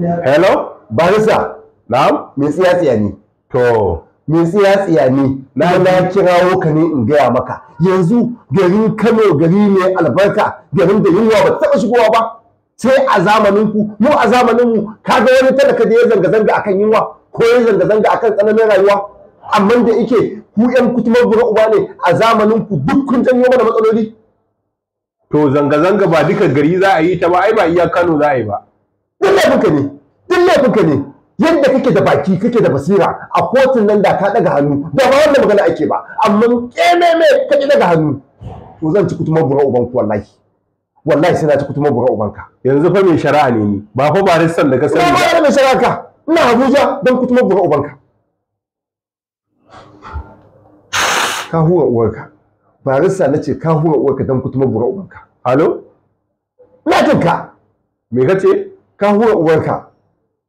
hello barisa na'am me tsiya tsiya ne to me tsiya tsiya ne na na kirawo ka ne in gaya maka yanzu garin Kano gari ne albarka garin da yunwa ba ta taɓa shigowa ba sai a zamanin ku mu a zamanin mu kaga wani talaka da ya zanga zanga akan yunwa ko ya zanga zanga akan tsananin rayuwa amma da yake ku yan kutumar buru uba ne a zamanin ku duk kun janyo mana matsaloli to zanga zanga ba duka gari za a yi ta ba ai ba iya Kano za a yi ba duk laifinka ne duk laifinka ne yadda kake da baki kake da basira a kotun nan da ka daga hannu da ba wannan magana ake ba amma kene me kake daga hannu to zan ci kutumar bura uban ku wallahi wallahi sai na ci kutumar bura uban ka yanzu fa mai shari'a ne ni ba fa baristan da ka sani ba ba mai shari'a ka ina Abuja dan kutumar bura uban ka ka hura uwarka barista nace ka hura uwarka dan kutumar bura uban ka alo ina jin ka me kace 咖我屋看。